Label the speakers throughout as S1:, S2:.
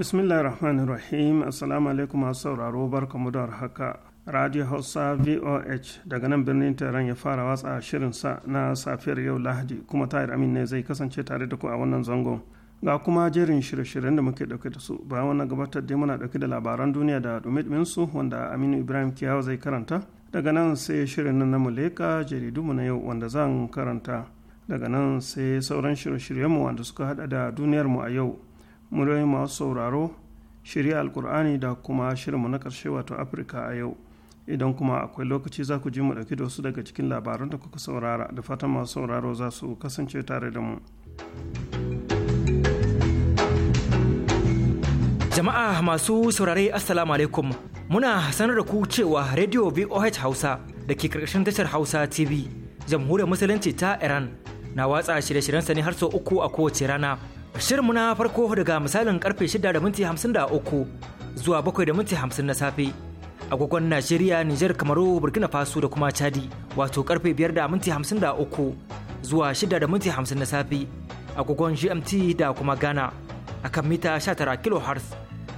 S1: bismillahirrahmanirrahim rahim assalamu alaikum masu sauraro mu da haka radio hausa voh daga nan birnin taron ya fara watsa sa na safiyar yau lahadi kuma tahir amin ne zai kasance tare da ku a wannan zangon ga kuma jerin shirye-shiryen da muke dauke da su bayan wannan gabatar dai muna dauke da labaran duniya da dumi su wanda aminu ibrahim kiyawa zai karanta daga nan sai shirin nan na muleka mu na yau wanda zan karanta daga nan sai sauran shirye-shiryenmu wanda suka hada da duniyarmu a yau muryoyin masu sauraro shirya alkur'ani da kuma shirinmu na ƙarshe wato afirka a yau idan kuma akwai lokaci za ku ji mu ɗauki da wasu daga cikin labaran da kuka saurara da fatan masu sauraro za su kasance tare da mu
S2: jama'a masu saurare assalamu alaikum muna sanar da ku cewa radio voh hausa da ke karkashin tashar hausa tv jamhuriyar musulunci ta iran na watsa shirye-shiryensa ne har sau uku a kowace rana Shirinmu na farko daga misalin karfe 6:53 da minti zuwa 7:50 da minti na safe. Agogon Najeriya, Nijar, Kamaru, Burkina Faso da kuma Chadi wato karfe 5:53 da minti zuwa 6:50 da minti na safe. Agogon GMT da kuma Ghana a kan mita 19 kHz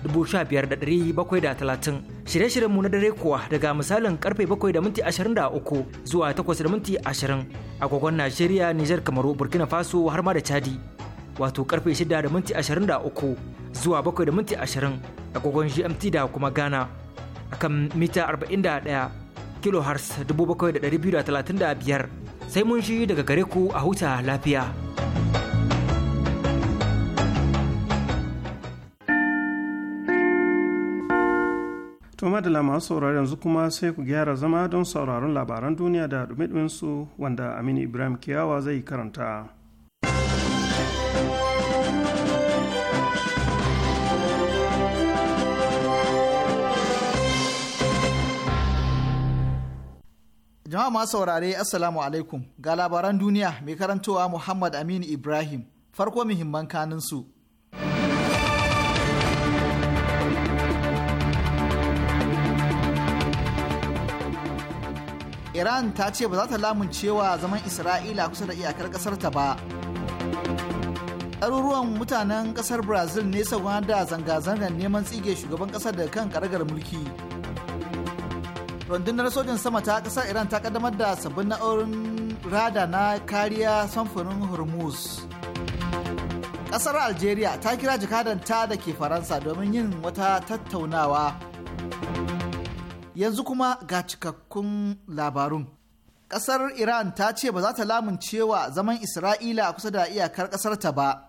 S2: 15730. Shirye-shiryenmu na dare kuwa daga misalin karfe bakwai da minti uku zuwa takwas da minti 20 agogon Najeriya, Nijar, Kamaru, Burkina Faso har ma da Chadi. wato karfe 6 da minti 23 zuwa 7 da minti 20 GMT da kuma Ghana akan mita 41 kilohertz 7,235 sai mun shi daga gare ku a huta lafiya.
S1: tuma da masu saurari yanzu kuma sai ku gyara zama don sauraron labaran duniya da dumi su wanda Aminu Ibrahim Kiyawa zai karanta.
S3: Jama'a masu saurare Assalamu alaikum ga labaran duniya mai karantowa Muhammad Aminu Ibrahim farko muhimman kanin su. Iran ta ce ba za ta lamuncewa zaman Isra'ila kusa da iyakar ta ba. ɗaruruwan mutanen ƙasar brazil ne sauwa da zanga-zangar neman tsige shugaban ƙasar da kan ƙaragar mulki rundunar sojin sama ta ƙasar iran ta kaddamar da sabbin na'urin rada na kariya samfurin hormuz ƙasar algeria ta kira ta da ke faransa domin yin wata tattaunawa yanzu kuma ga cikakkun labarun ƙasar iran ta ce ba za ta lamuncewa zaman isra'ila a kusa da iyakar ta ba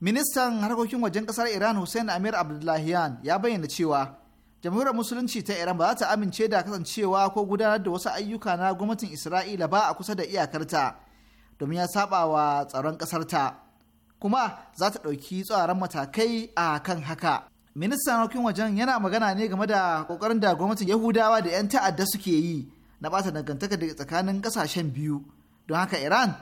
S3: ministan harkokin wajen ƙasar iran hussein amir abdullahian ya bayyana cewa jamhuriyar musulunci ta iran ba za ta amince da kasancewa ko gudanar da wasu ayyuka na gwamnatin isra'ila ba a kusa da iyakarta domin ya saba wa tsaron ƙasarta kuma za ta ɗauki tsaron matakai a kan haka ministan harkokin wajen yana magana ne game da ƙoƙarin da gwamnatin yahudawa da 'yan ta'adda suke yi na bata dangantaka daga tsakanin ƙasashen biyu don haka iran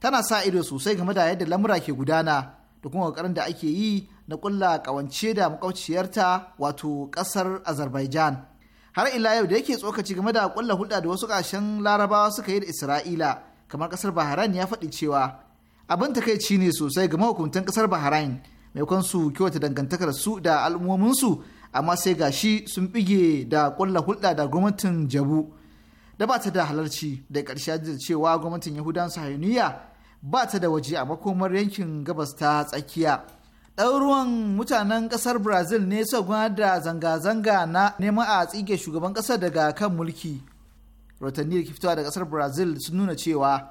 S3: tana sa ido sosai game da yadda lamura ke gudana da kuma ƙoƙarin da ake yi na kulla kawance da makwabciyarta wato kasar azerbaijan har ila yau da yake tsokaci game da kulla hulɗa da wasu ƙashen larabawa suka yi da isra'ila kamar kasar bahrain ya faɗi cewa abin takaici ne sosai ga mahukuntan kasar bahrain maimakon su kyauta dangantakar su da al'ummominsu amma sai gashi sun bige da kulla hulɗa da gwamnatin jabu da ba ta da halarci da ƙarshe da cewa gwamnatin yahudan sahayuniya ba ta da waje a makomar yankin gabas ta tsakiya ɗauruwan mutanen ƙasar brazil ne suka gudanar da zanga-zanga na neman a tsige shugaban ƙasar daga kan mulki rotanni da fitowa da ƙasar brazil sun nuna cewa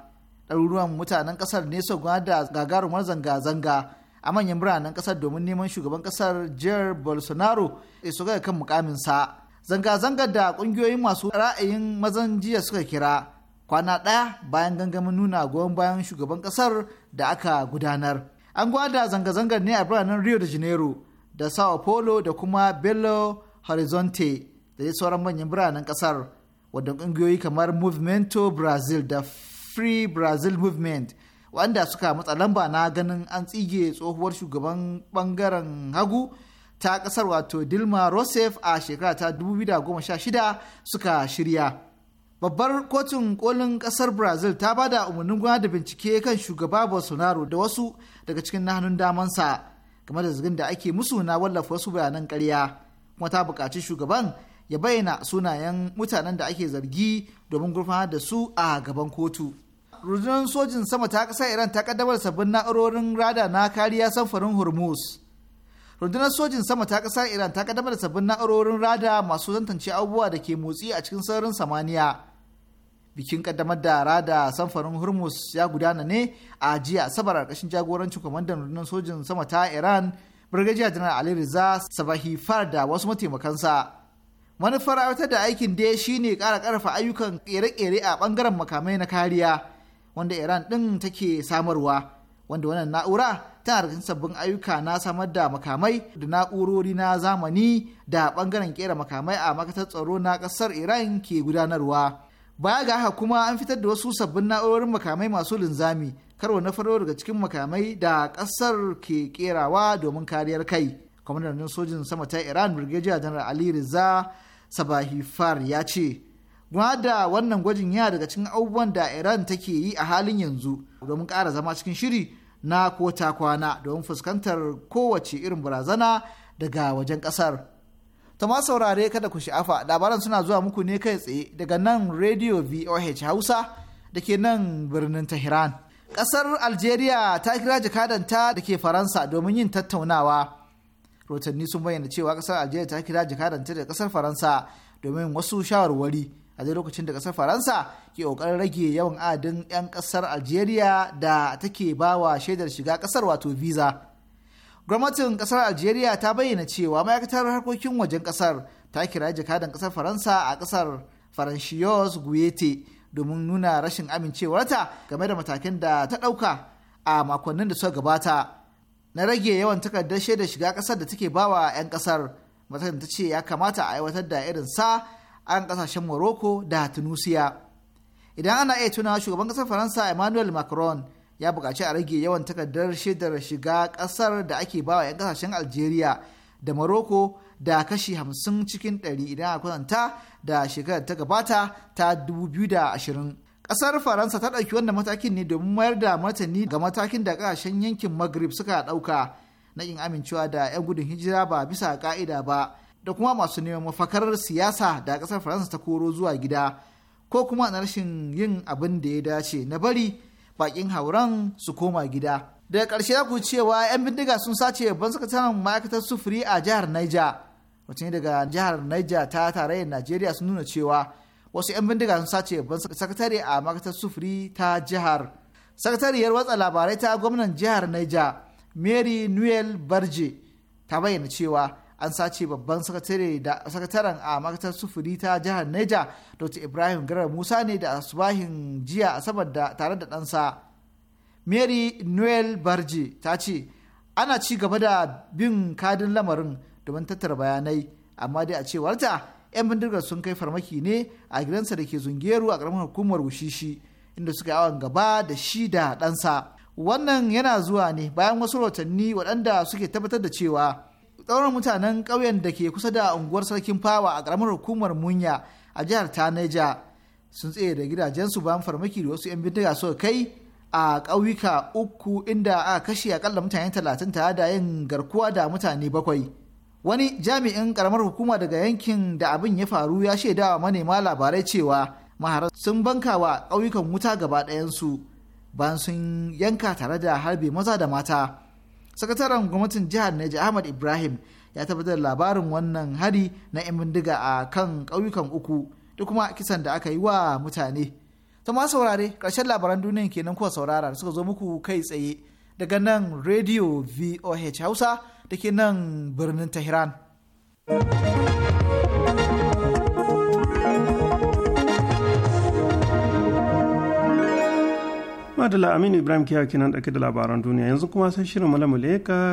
S3: ɗaruruwan mutanen ƙasar ne suka gudanar da gagarumar zanga-zanga a manyan biranen ƙasar domin neman shugaban ƙasar jair bolsonaro ya ga kan mukaminsa zanga-zangar da ƙungiyoyin masu ra'ayin mazan jiya suka kira kwana ɗaya bayan gangamin nuna goyon bayan shugaban ƙasar da aka gudanar. an gwada zanga-zangar ne a biranen rio de janeiro da sao paulo da kuma belo horizonte da dai sauran manyan biranen kasar wadda ƙungiyoyi kamar movimento brazil da free brazil movement wanda suka matsa lamba na ganin an tsige tsohuwar shugaban bangaren hagu ta kasar wato dilma rousseff a shekara ta 2016 suka shirya babbar kotun kolin kasar brazil ta bada umarnin gwamnati da bincike kan shugaba bolsonaro da wasu daga cikin na hannun damansa game da zargin da ake musu na wallafa wasu bayanan karya, kuma ta buƙaci shugaban ya bayyana sunayen mutanen da ake zargi domin gurfanar da su a gaban kotu. rundunar sojin sama ta ƙasa iran ta ƙaddamar sabbin na'urorin rada na kariya samfarin hormuz rundunar sojin sama ta ƙasa iran ta ƙaddamar sabbin na'urorin rada masu tantance abubuwa da ke motsi a cikin sararin samaniya bikin kaddamar da rada samfarin hormuz ya gudana ne a jiya sabar a jagorancin kwamandan rundunar sojin sama ta iran birgajiya janar ali riza sabahi far da wasu mataimakansa manufar aiwatar da aikin dai shine kara ƙarfa ayyukan ƙere kere a ɓangaren makamai na kariya wanda iran ɗin take samarwa wanda wannan na'ura tana da sabbin ayyuka na samar da makamai da na'urori na zamani da bangaren ƙera makamai a makatar tsaro na ƙasar iran ke gudanarwa. baya ga haka kuma an fitar da wasu sabbin na'urorin makamai masu linzami karo na faro daga cikin makamai da kasar ke kerawa domin kariyar kai kwamandan sojin sama ta iran brigadier janar ali riza sabahifar ya ce da wannan gwajin ya daga cikin abubuwan da iran take yi a halin yanzu domin kara zama cikin shiri na ko ta kwana domin fuskantar kowace irin barazana daga wajen kasar. ta ma saurare kada ku sha'afa labaran suna zuwa muku ne kai tsaye daga nan radio voh hausa da ke nan birnin tehran ƙasar algeria ta kira jakadanta da ke faransa domin yin tattaunawa rotanni sun bayyana cewa ƙasar algeria ta kira jakadanta da ƙasar faransa domin wasu shawarwari a zai lokacin da ƙasar faransa ke ƙoƙarin rage yawan adadin 'yan ƙasar algeria da take bawa shaidar shiga ƙasar wato visa gwamnatin kasar algeria ta bayyana cewa ma'aikatar harkokin wajen kasar ta kira jakadan kasar faransa a kasar faranshiyos guete domin nuna rashin amincewarta game da matakin da ta ɗauka a makonnin da suka gabata na rage yawan takardar shaidar shiga kasar da take bawa 'yan kasar matakin ta ce ya kamata a aiwatar da irin sa a kasashen morocco da tunisia idan ana iya tunawa shugaban kasar faransa emmanuel macron ya buƙaci a rage yawan takardar shaidar shiga ƙasar da ake bawa 'yan ƙasashen algeria da morocco da kashi 50 cikin 100 idan a kwatanta da shekarar ta gabata ta 2020 ƙasar faransa ta ɗauki wannan matakin ne domin mayar da martani ga matakin da ƙasashen yankin maghrib suka ɗauka na yin amincewa da 'yan gudun hijira ba bisa ƙa'ida ba da kuma masu neman mafakar siyasa da ƙasar faransa ta koro zuwa gida ko kuma na rashin yin abin da ya dace na bari bakin hauran su koma gida daga ƙarshe za ku cewa 'yan bindiga sun sace babban sakataren ma'aikatar sufuri a jihar naija wacce daga jihar naija ta tarayyar najeriya sun nuna cewa wasu 'yan bindiga sun sace babban sakatare a ma'aikatar sufuri ta jihar sakatariyar watsa labarai ta gwamnan jihar naija mary nuel barje ta bayyana cewa an sace babban sakataren a makatar sufuri ta jihar neja dr ibrahim garar musa ne da asubahin jiya asabar da tare da ɗansa mary noel barji ta ce ana ci gaba da bin kadin lamarin domin tattara bayanai amma dai a cewarta 'yan bindigar sun kai farmaki ne a gidansa da ke zungeru a ƙaramin hukumar wushishi inda suka yi awon gaba da shi da dansa. wannan yana zuwa ne bayan wasu watanni, waɗanda suke tabbatar da cewa ɗaurin mutanen ƙauyen da ke kusa da unguwar sarkin fawa a ƙaramar hukumar munya a jihar Tanaja sun tsaye da gidajensu bayan farmaki da wasu 'yan bindiga suka kai a ƙauyuka uku inda a kashe akalla mutane talatin tare da yin garkuwa da mutane bakwai wani jami'in ƙaramar hukuma daga yankin da abin ya faru ya shaidawa manema labarai cewa maharar sun banka wa ƙauyukan wuta gaba ɗayansu bayan sun yanka tare da harbe maza da mata sakataren gwamnatin jihar neja ahmad ibrahim ya tabbatar da labarin wannan hari na 'yan bindiga a kan ƙauyukan uku da kuma kisan da aka yi wa mutane ta ma saurare ƙarshen labaran duniyan kenan kuwa saurara suka zo muku kai tsaye daga nan radio voh hausa da ke nan birnin tehran
S1: madala aminu ibrahim kiyawa kenan ɗauke da labaran duniya yanzu kuma sai shirin jaridun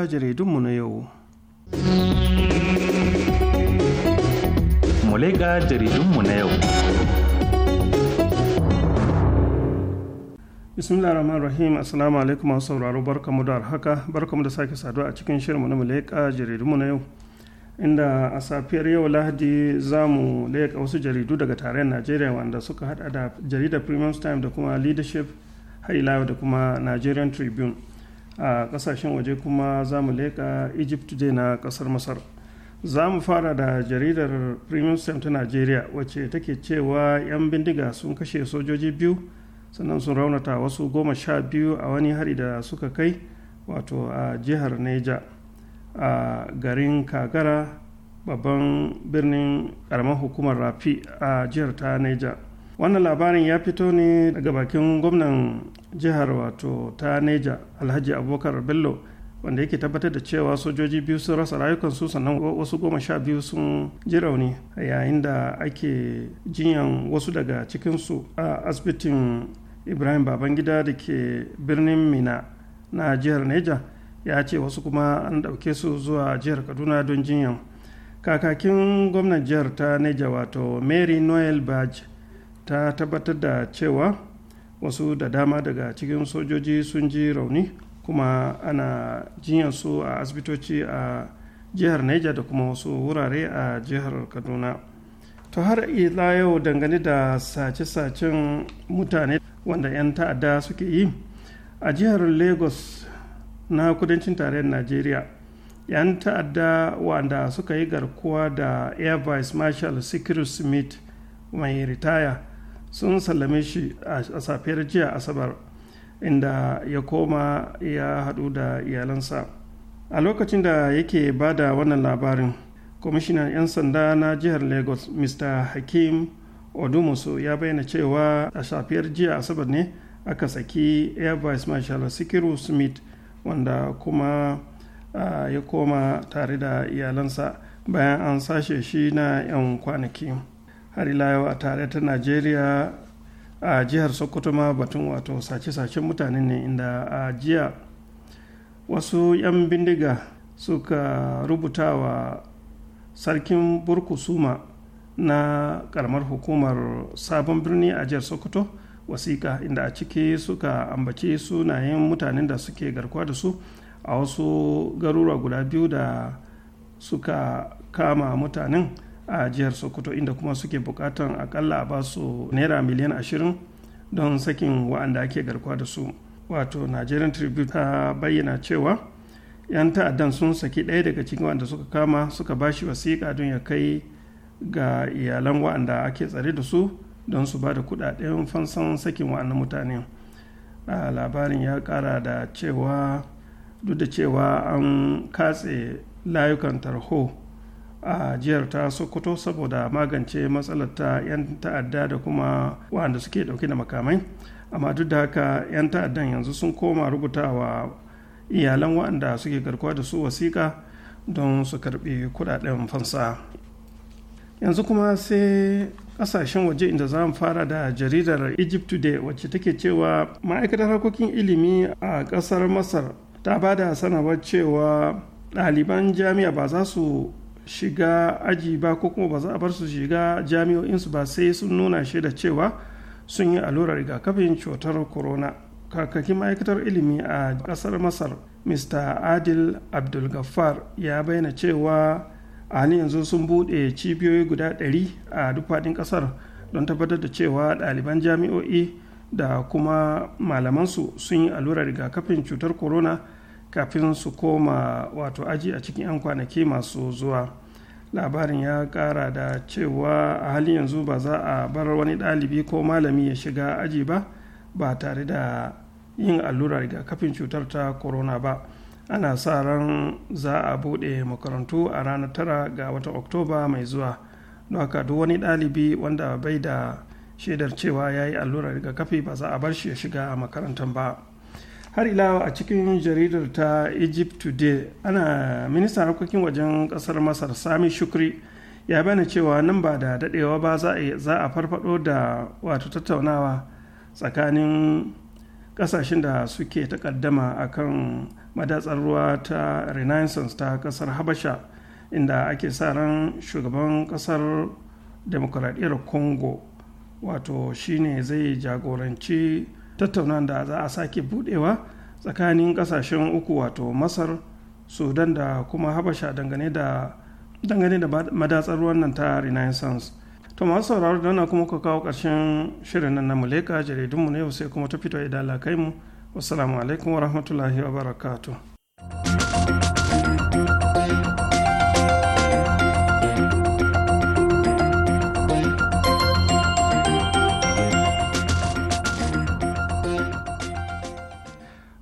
S1: jaridunmu na yau
S4: Muleka jaridunmu na yau.
S1: Bismillah rahman rahim Assalamu alaikum masu sauraro barkamu da haka barkamu da sake saduwa a cikin shirinmu na jaridun jaridunmu na yau. Inda a safiyar yau Lahadi za mu la'ika wasu jaridu daga tarayyar Najeriya wanda suka hada da jaridar Premium Time da kuma Leadership har ila da kuma nigerian tribune a kasashen waje kuma za mu leƙa egypt today na kasar masar za mu fara da jaridar premium stem ta nigeria wacce take cewa 'yan bindiga sun kashe sojoji biyu sannan sun raunata wasu goma sha biyu a wani hari da suka kai wato a jihar neja a garin kagara babban birnin karamar hukumar rafi a jihar ta neja wannan labarin ya fito ne daga bakin gwamnan jihar wato ta neja alhaji Abokar bello wanda yake tabbatar da cewa sojoji biyu sun rasa rayukansu sannan wasu goma sha biyu sun ji rauni yayin da ake jinyan wasu daga cikinsu a asibitin ibrahim babangida da ke birnin mina na jihar neja ya ce wasu kuma an ɗauke su zuwa jihar kaduna don jinyan kakakin gwamnan jihar ta neja wato mary noel badge ta tabbatar da cewa wasu da dama daga cikin sojoji sun ji rauni kuma ana su a asibitoci a jihar Niger da kuma wasu wurare a jihar Kaduna. To har ila yau dangane da sace-sacen mutane wanda 'yan ta'adda suke yi a jihar Lagos na kudancin tarayyar Najeriya. 'Yan ta'adda wanda suka yi garkuwa da Air Vice Marshal Sikiru Smith mai ritaya. sun sallame shi a safiyar jiya asabar inda ya koma ya haɗu da iyalansa a lokacin da yake ba da wannan labarin kwamishinan 'yan sanda na jihar lagos mr hakim odumusu ya bayyana cewa a safiyar jiya asabar ne aka saki air vice marshal sikiru smith wanda kuma ya koma tare da iyalansa bayan an sashe shi na 'yan kwanaki. har ila yau a tare ta najeriya a jihar sokoto ma batun wato sace-sacen mutane ne inda a jiya wasu 'yan bindiga suka rubuta wa sarkin burkusuma na karamar hukumar sabon birni a jihar sokoto wasiƙa inda a ciki suka ambaci sunayen mutanen da suke garkuwa da su a wasu garuruwa guda biyu da suka kama mutanen a jihar sokoto inda kuma suke bukatan akalla a ba su naira miliyan ashirin don sakin wa'anda ake garkuwa da su wato nigerian tribute ta bayyana cewa 'yan ta'addan sun saki ɗaya daga cikin wanda suka kama suka ba shi wasiƙa don ya kai ga iyalan wa'anda ake tsare da su don su ba da kudaden fansan sakin wa'annan mutane labarin ya kara da cewa duk da cewa an katse layukan tarho a jihar ta sokoto saboda magance matsalar ta 'yan ta'adda da kuma waɗanda suke ɗauke da makamai amma duk da haka 'yan ta'addan yanzu sun koma rubutawa iyalan waɗanda suke garkuwa da su wasiƙa don su karɓi kuɗaɗen fansa yanzu kuma sai ƙasashen waje inda za mu fara da jaridar egypt today wacce take cewa ma'aikatar harkokin ilimi a ƙasar masar ta ba da sanarwar cewa ɗaliban jami'a ba za su shiga aji ba ko kuma ba za a bar su shiga jami'o'insu ba sai sun nuna shi da cewa sun yi allurar rigakafin cutar corona kakakin ma'aikatar ilimi a ƙasar masar mr adil abdulgaffar ya bayyana cewa a halin yanzu sun buɗe cibiyoyi guda 100 a duk faɗin ƙasar don tabbatar da cewa ɗaliban jami'o'i da kuma malamansu sun yi allurar rigakafin cutar corona kafin su koma wato aji a cikin 'yan kwanaki masu zuwa labarin ya kara da cewa a halin yanzu ba za a bar wani ɗalibi ko malami ya shiga aji ba ba tare da yin allurar rigakafin cutar ta corona ba ana sa ran za a buɗe makarantu a ranar tara ga watan oktoba mai zuwa don haka duk wani ɗalibi wanda bai da shaidar cewa ya yi allurar rigakafi ba za a bar shi ya shiga a makarantar ba. har ila a cikin jaridar ta egypt today ana ministan harkokin wajen kasar masar sami shukri ya bayyana cewa nan ba da dadewa ba za a farfado da wato tattaunawa tsakanin kasashen da suke takaddama akan madatsar ruwa ta renaissance ta kasar habasha inda ake sa ran shugaban kasar demokuraɗiyar congo wato shine zai jagoranci tattaunan da za a sake budewa tsakanin kasashen uku wato masar sudan da kuma habasha dangane da dangane da madatsar wannan ta renaissance to masu sauraro da kuma ka kawo ƙarshen shirin nan na muleka jaridunmu na yau sai kuma ta fito idan kai mu wassalamu alaikum wa rahmatullahi wa barakatuh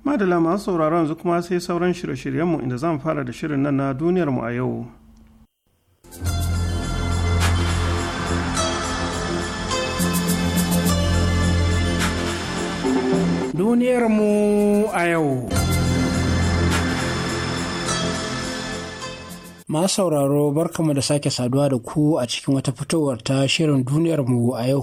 S1: madala masu sauraron yanzu kuma sai sauran shirye-shiryenmu inda zan fara da shirin nan na duniyarmu a yau
S5: duniyarmu a yau Ma sauraro barkamu da sake saduwa da ku a cikin wata fitowar ta shirin duniyarmu a yau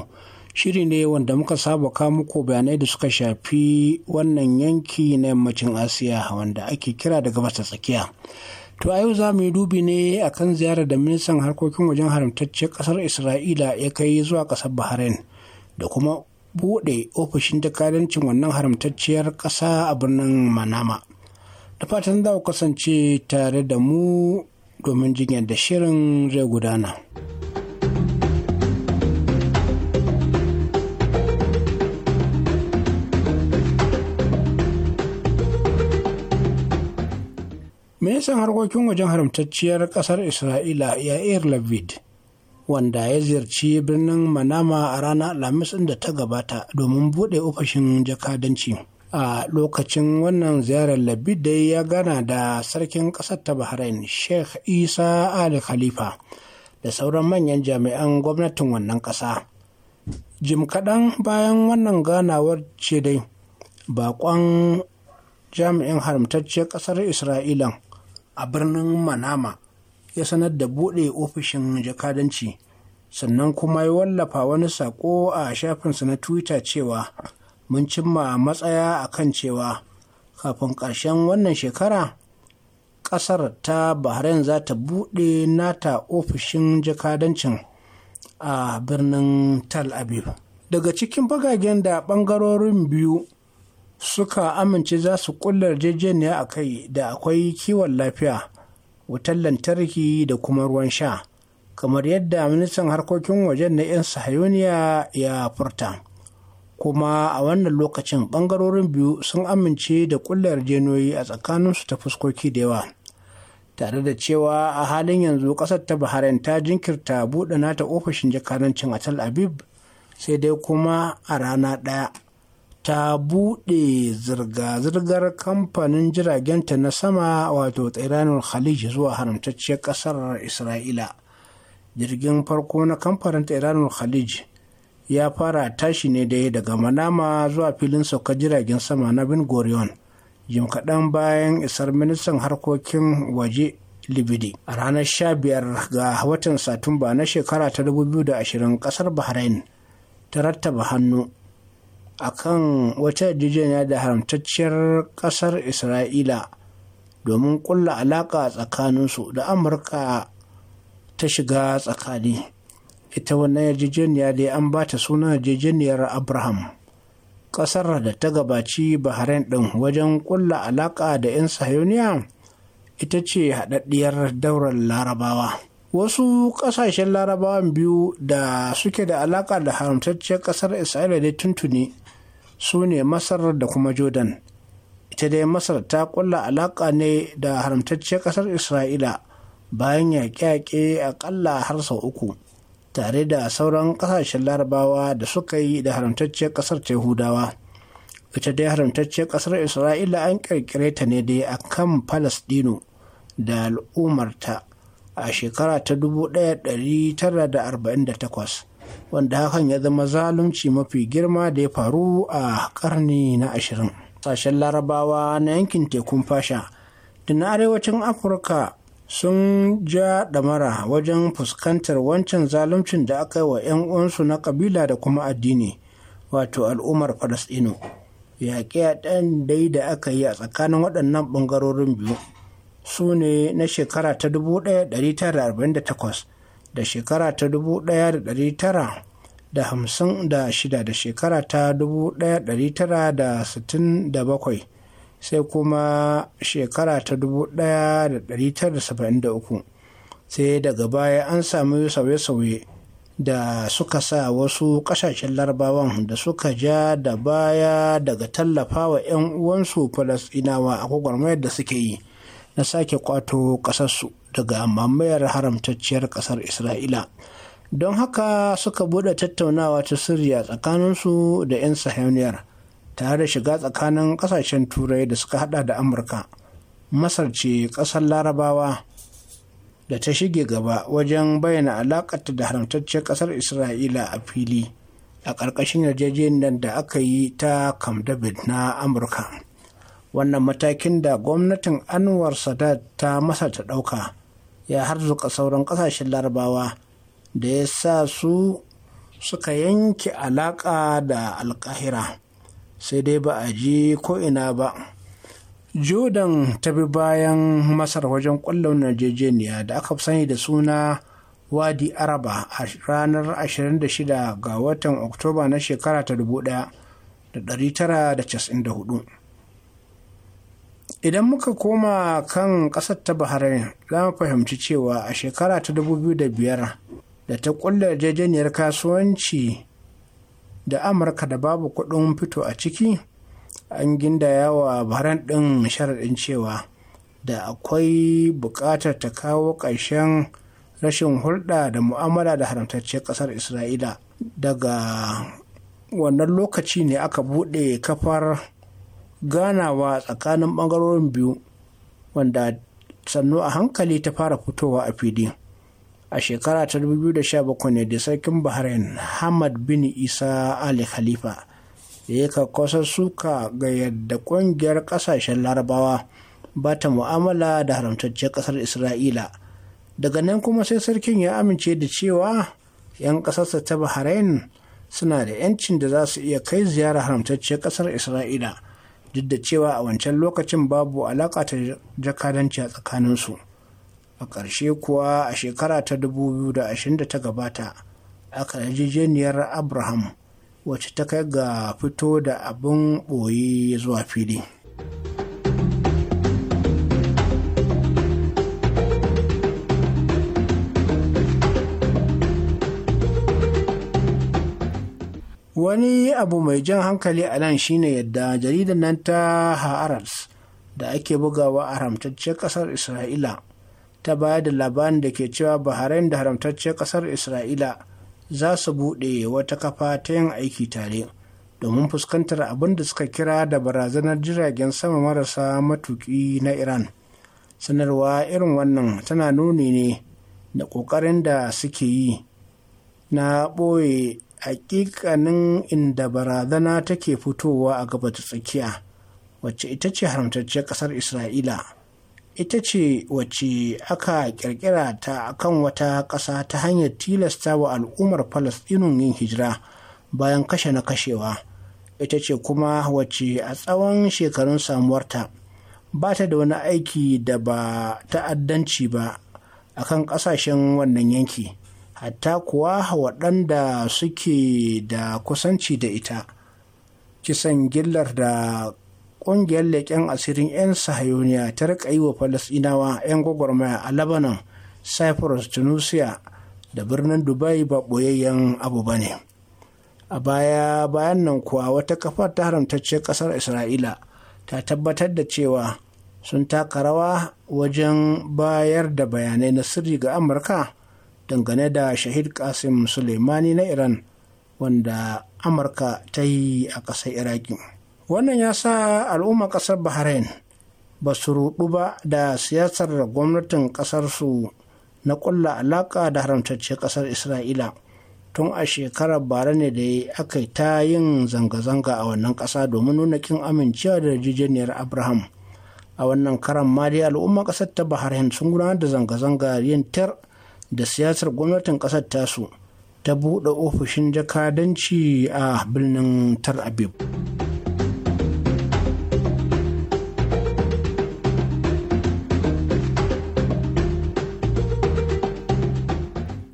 S5: shiri ne wanda muka saba kawo muku bayanai da suka shafi wannan yanki na yammacin asiya wanda ake kira da gabas ta tsakiya to a yau za mu yi dubi ne akan ziyarar da ministan harkokin wajen haramtacciyar kasar isra'ila ya kai zuwa kasar bahrain da kuma buɗe ofishin jakadancin wannan haramtacciyar ƙasa a birnin manama da fatan za kasance tare da mu domin jin da shirin zai gudana. ministan harkokin wajen haramtacciyar ƙasar isra'ila ya yair lavid wanda ya ziyarci birnin manama a ranar alhamis da ta gabata domin buɗe ofishin jakadanci a lokacin wannan ziyarar lavid da ya gana da sarkin ƙasar ta bahrain sheikh isa ali khalifa da sauran manyan jami'an gwamnatin wannan ƙasa jim kaɗan bayan wannan ganawar ce dai bakon jami'in haramtacciyar ƙasar isra'ilan a birnin manama ya sanar da buɗe ofishin jakadanci sannan kuma ya wallafa wani saƙo a shafinsa na twitter cewa mun cimma matsaya a kan cewa kafin ƙarshen wannan shekara ƙasar ta bahrain za ta buɗe nata ofishin jakadancin a birnin tal aviv daga cikin bagagen da ɓangarorin biyu suka amince za su kulla yarjejeniya a kai da akwai kiwon lafiya wutar lantarki da kuma ruwan sha kamar yadda ministan harkokin wajen na 'yan sahayoniya ya furta kuma a wannan lokacin bangarorin biyu sun amince da kullar jenoyi a tsakaninsu ta fuskoki da yawa tare da cewa a halin yanzu kasar ta bahrain ta jinkirta buɗe nata ofishin jakadancin a tel aviv sai dai kuma a rana ɗaya ta buɗe zirga-zirgar kamfanin jiragenta na sama wato tsiranin khalij zuwa haramtacciyar ƙasar isra'ila jirgin farko na kamfanin tsiranin khalij ya fara tashi ne dai daga manama zuwa filin saukar jiragen sama na bin gorion jim kaɗan bayan isar ministan harkokin waje libidi a ranar 15 ga watan satumba na shekara ta 2020 ƙasar bahrain ta rattaba hannu A kan wata yarjejeniya da haramtacciyar ƙasar isra'ila domin ƙulla alaƙa tsakaninsu da amurka ta shiga tsakani ita wannan yarjejeniya dai an ba ta suna yarjejeniyar abraham ƙasar da ta gabaci bahrain din wajen ƙulla alaƙa da 'yan sahiyoniya ita ce haɗaɗɗiyar daular larabawa wasu ƙasashen larabawan biyu da suke da alaƙa da haramtacciyar ƙasar isra'ila da tuntuni su ne masar da kuma jordan ita dai masar ta kulla alaƙa ne da haramtacciyar ƙasar isra'ila bayan yaƙe-yaƙe aƙalla har sau uku tare da sauran ƙasashen larabawa da suka yi da haramtacciyar ƙasar yahudawa ita dai haramtacciyar ƙasar isra'ila an ƙirƙire ta ne dai a kan falasɗinu da al'ummarta a shekara ta 1948 wanda hakan ya zama zalunci mafi girma da ya faru a karni na ashirin sashen larabawa na yankin tekun fasha da na arewacin afirka sun ja damara wajen fuskantar wancan zaluncin da aka yi wa 'yan uwansu na kabila da kuma addini wato al'ummar falasɗinu yaƙe ɗan dai da aka yi a tsakanin waɗannan ɓangarorin biyu su ne na shekara ta 1948 da shekara ta 1956 da shekara ta 1967 sai kuma shekara ta 1973 sai daga baya an sami sauye-sauye da suka sa wasu kasashen larabawan da suka ja da baya daga tallafawa 'yan uwansu falasinawa a gwagwarmayar da suke yi na sake kwato ƙasarsu daga mamayar haramtacciyar ƙasar isra'ila don haka suka buɗe tattaunawa ta sirri tsakaninsu da 'yan sahaniyar tare da shiga tsakanin ƙasashen turai da suka hada da amurka masar ce ƙasar larabawa da ta shige gaba wajen bayyana alaƙarta da haramtacciyar ƙasar isra'ila a fili a ƙarƙashin yarjejeniyar da aka yi ta camp david na amurka wannan matakin da gwamnatin anwar sadat ta masa ta ɗauka ya harzuka sauran ƙasashen larabawa da ya sa su suka yanke alaƙa da alƙahira sai dai ba a ji ko'ina ba jordan ta bi bayan masar wajen ƙwallon najejeniya da aka sani da suna wadi araba a ranar 26 ga watan oktoba na shekara ta 1994 idan muka koma kan ƙasar ta bahrain za mu fahimci cewa a shekara ta 2005 da biyar da ta ƙulla yarjejeniyar kasuwanci da amurka da babu kuɗin fito a ciki an gindaya wa bahrain ɗin sharaɗin cewa da akwai buƙatar ta kawo ƙarshen rashin hulɗa da mu'amala da haramtacce ƙasar isra'ila daga wannan lokaci ne aka buɗe kafar ganawa tsakanin ɓangarorin biyu wanda sannu a hankali ta fara fitowa a fili a shekara ta 2017 ne da sarkin bahrain hamad bin isa ali khalifa ya yi suka ga yadda ƙungiyar ƙasashen larabawa ba ta mu'amala da haramtacciyar ƙasar isra'ila daga nan kuma sai sarkin ya amince da cewa 'yan kasarsa ta bahrain suna da 'yancin da za su iya kai ziyara haramtacciyar ƙasar isra'ila duk da cewa a wancan lokacin babu alaƙa ta jakadanci a tsakaninsu a ƙarshe kuwa a shekara ta 2020 ta gabata aka yarjejeniyar abraham wacce ta kai ga fito da abin ɓoye zuwa fili. wani abu mai jan hankali a nan shine yadda jaridar nan ta Haaretz da ake bugawa a haramtacciyar ƙasar isra'ila ta baya da labarin da ke cewa bahrain da haramtacciyar ƙasar isra'ila za su buɗe wata kafa ta yin aiki tare domin fuskantar abin da suka kira da barazanar jiragen sama marasa matuki na iran sanarwa irin wannan tana nuni ne da ƙoƙarin da suke yi na ɓoye hakikanin inda barazana take fitowa a gaba ta tsakiya wacce ita ce haramtacciyar ƙasar isra'ila ita ce wacce aka kirkira ta kan wata ƙasa ta hanyar tilasta wa al'ummar falasɗinun yin hijira bayan kashe na kashewa ita ce kuma wacce a tsawon shekarun samuwarta ba ta da wani aiki da ba ta'addanci ba a kan ƙasashen wannan yanki hatta kuwa waɗanda suke da kusanci da ita kisan gillar da ƙungiyar leƙen asirin 'yan sahayoniya ta rika yi wa falasɗinawa 'yan gwagwarmaya a lebanon cyprus tunisia da birnin dubai ba ɓoyayyen abu ba ne a baya bayan nan kuwa wata kafar ta haramtacce ƙasar isra'ila ta tabbatar da cewa sun taka rawa wajen bayar da bayanai na sirri ga amurka dangane da shahid kasim suleimani na iran wanda amurka ta yi a ƙasar iraki wannan ya sa al'ummar ƙasar bahrain ba su rudu ba da siyasar gwamnatin ƙasarsu na ƙulla alaƙa da haramtacce ƙasar isra'ila tun a shekarar bara ne da aka yi ta yin zanga-zanga a wannan ƙasa domin nuna kin amincewa da yarjejeniyar abraham a wannan karan mali dai al'ummar ƙasar ta bahrain sun gudanar da zanga-zanga yin tar da siyasar gwamnatin ƙasar tasu ta buɗe ofishin jakadanci a birnin tar abib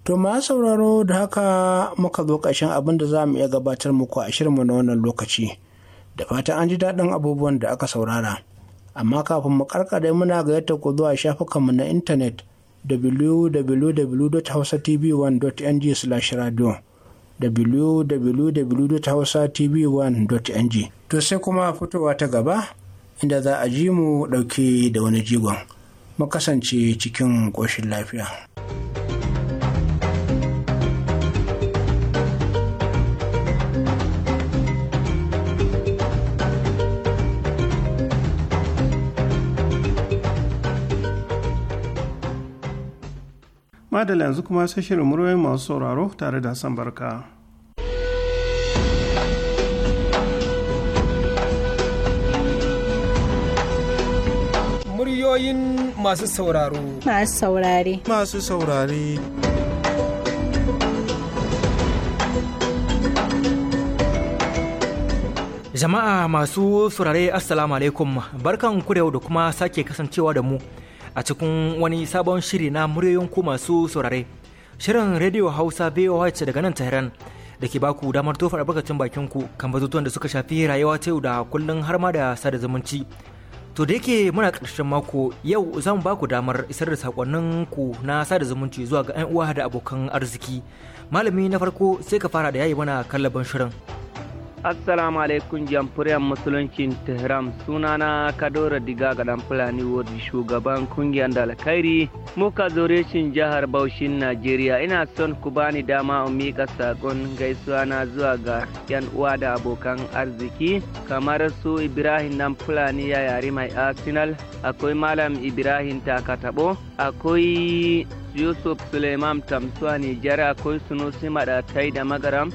S5: To ma sauraro da haka muka zo ƙarshen abin da za mu iya gabatar muku a shirinmu na wannan lokaci. Da fatan an ji daɗin abubuwan da aka saurara. Amma kafin mu karkare muna ga yadda ku zuwa shafukanmu na intanet www.hausatv1.ng/radio www.hausatv1.ng to sai kuma fitowa ta gaba inda za a ji mu dauke da wani jigon mu kasance cikin ƙoshin lafiya.
S1: madala yanzu kuma sai shirin muryoyin masu sauraro tare da hassan barka
S6: muryoyin masu sauraro
S7: masu saurare masu saurare
S2: jama'a masu saurare assalamu alaikum barkan ku da kuma sake kasancewa da mu a cikin wani sabon shiri na muryoyin ku masu saurare. Shirin rediyo Hausa VOH daga nan Tehran da ke baku damar tofa albarkacin bakin ku kan batutuwan da suka shafi rayuwa ta yau da kullun har ma da sada zumunci. To da yake muna ƙarshen mako yau za mu baku damar isar da sakonnin ku na sada zumunci zuwa ga 'yan uwa da abokan arziki. Malami na farko sai ka fara da yayi mana kallaban shirin.
S8: assalamu alaikum jamhuriyar musuluncin tehran sunana kadora diga ga dan fulani wadda shugaban kungiyar dalkairi muka zore shin jihar baushin najeriya ina son ku bani dama a mika saƙon gaisuwa na zuwa ga yan uwa da abokan arziki kamar su ibrahim dan fulani ya yari mai arsenal akwai malam ibrahim takatabo akwai yusuf suleiman tamsuwa nijar akwai sunusi yi da magaram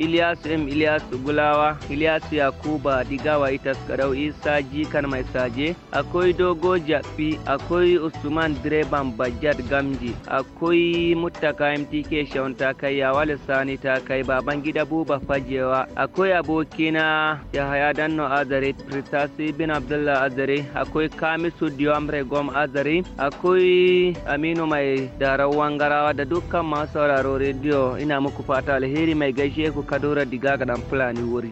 S8: Ilyasu M Ilyasu Gulawa, Ilyasu Yakuba Digawa Itas Karau Isa Jikan Mai Saje, akwai Dogo Jafi, akwai Usman Direban Bajad Gamji, akwai Muttaka MTK Shaun Takai, Wale Sani Takai Baban Gida Buba Fajewa, akwai abokina Yahaya Danno Azare, Prisasi Bin Abdullah Azare, akwai Kamisu Diwamre Gom Azare, akwai Aminu Mai Darawan Garawa da dukkan masu sauraro rediyo ina muku fata alheri mai gaishe ku kadora diga ga dan fulani wuri.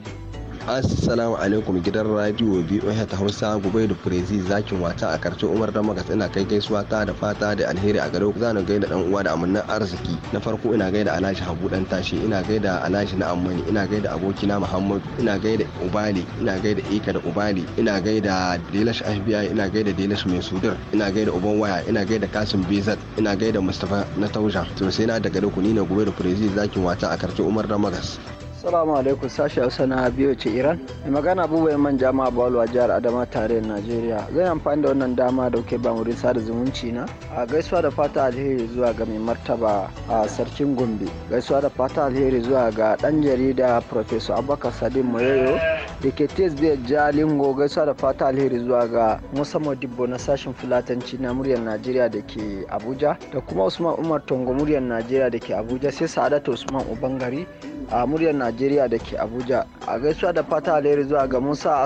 S9: assalamu alaikum gidan radio BOH ta Hausa Gubai da Furezi zakin wata a karshen Umar da Magas ina kai gaisuwa ta da fata da alheri a gare ku zanu gaida dan uwa da amannin arziki na farko ina gaida Alhaji Habu dan tashi ina gaida Alhaji na Ammani ina gaida abokina Muhammad ina gaida Ubali ina gaida Ika da Ubali ina gaida Delash FBI ina gaida Delash Mai Sudur ina gaida Uban Waya ina gaida Kasim Bezat ina gaida Mustapha na Tausha to sai na daga ku ni ne Gubai da Furezi zakin wata a karshen Umar da Magas
S10: Salamu alaikum sashi Hausa na biyo ce Iran. Mai magana abubuwa man jama'a Bawalwa jihar Adama tare da Najeriya. zai yi amfani da wannan dama da kuke ba wurin sada zumunci na. A gaisuwa da fata alheri zuwa ga mai martaba a sarkin Gombe. Gaisuwa da fata alheri zuwa ga dan jarida Professor Abubakar Sadin Moyoyo da ke Tesbiya Jalingo. Gaisuwa da fata alheri zuwa ga Musa Modibo na sashen Fulatanci na muryar Najeriya da ke Abuja da kuma Usman Umar Tongo muryar Najeriya da ke Abuja sai Sa'adatu Usman Ubangari a muryar Najeriya da ke Abuja. A gaisuwa da fata alheri zuwa ga Musa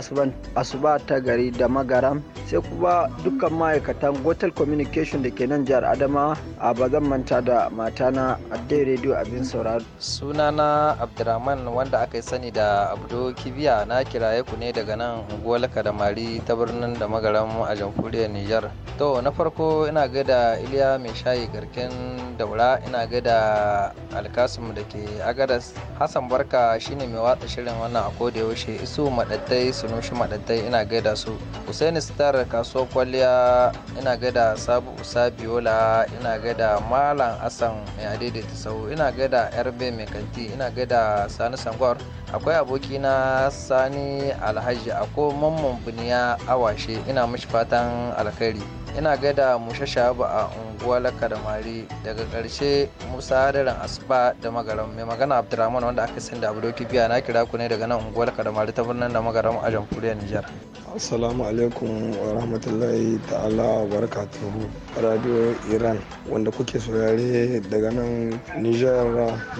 S10: Asuba ta gari da Magaram sai kuma dukkan ma'aikatan Gotel Communication da ke nan jihar Adama a bazan manta da matana Adde Radio abin sauraro. Sunana Abdurrahman wanda aka yi sani da Abdo Kibiya na kiraye ku ne daga nan unguwar mari ta birnin da Magaram a jamhuriyar niger To na farko ina gaida Iliya mai shayi garken daura ina gada alkasim da ke agadas hassan barka shine mai watsa shirin wannan a koda yaushe isu madattai sunushi madattai ina gaida su husaini star kasuwar kwalliya ina gaida sabu usa biola ina da malam asan mai adaidaita sau ina da yarbe mai kanti ina da sani sangwar akwai abokina sani alhaji akwai mamman buniya awashe ina mishi fatan alkhairi ina gaida musha shaba a unguwa laka da mari daga karshe musa hadarin asuba da magaram mai magana abdurrahman wanda aka sanda abu doki biya na kira ku ne daga nan unguwa laka da mari ta birnin da magaram a jamhuriyar nijar
S11: assalamu alaikum wa rahmatullahi ta'ala wa barakatuhu radio iran wanda kuke saurare daga nan nijar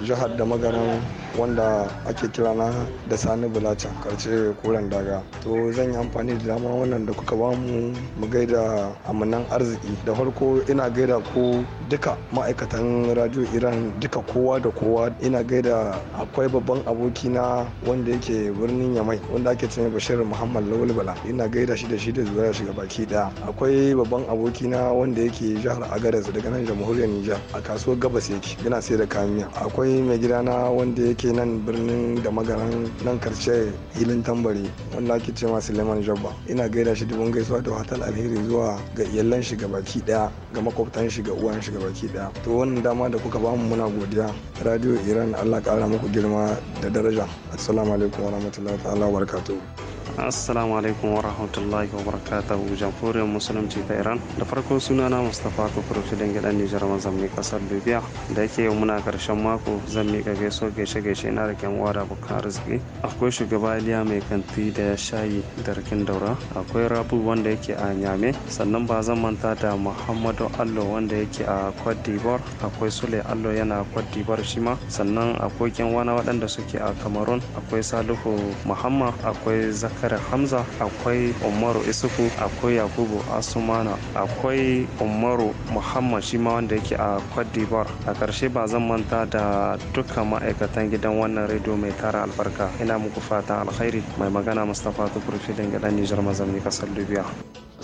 S11: jihar da magaram wanda ake kira na da sani bulacha karce koren daga to zan yi amfani da damar wannan da kuka bamu mu gaida a mumunan arziki da farko ina gaida ku duka ma'aikatan radio iran duka kowa da kowa ina gaida akwai babban aboki na wanda yake birnin yamai wanda ake cewa bashir muhammad lawal bala ina gaida shi da shi da zuwa shiga baki daya akwai babban abokina na wanda yake jihar agadas daga nan jamhuriyar nijar a kasuwar gabas yake yana sai da kamiya. akwai mai gida na wanda yake nan birnin da magaran nan karshe hilin tambari wanda ake cewa suleiman jabba ina gaida shi dubun gaisuwa da hatal alheri zuwa ga iyalan shi baki daya ga makwabtan shi ga uwan shi baki daya to wannan dama da kuka bamu muna godiya radio iran allah kara muku girma da daraja assalamu alaikum warahmatullahi ta'ala wabarakatuh
S7: assalamu alaikum warahmatullahi wabarakatuh wa jamhuriyar musulunci ta iran da farko sunana mustapha kufur filin gidan nijar mazamni kasar libya da yake yau muna karshen mako zan miƙa gaiso gaishe gaishe na da kyan da abokan arziki akwai shugaba iliya mai kanti da shayi da rikin daura akwai rabu wanda yake a nyame sannan ba zan manta da muhammadu allo wanda yake a cote akwai sule allo yana cote d'ivoire shi ma sannan akwai kyan waɗanda suke a cameroon akwai salihu muhammad akwai zak zakar hamza akwai umaru isufu akwai yakubu asumana akwai umaru muhammad shi ma wanda yake a cote a ƙarshe ba zan manta da duka ma'aikatan gidan wannan rediyo mai tara albarka ina muku fatan alkhairi mai magana mustapha tukur fidin gidan nijar mazamni kasar libya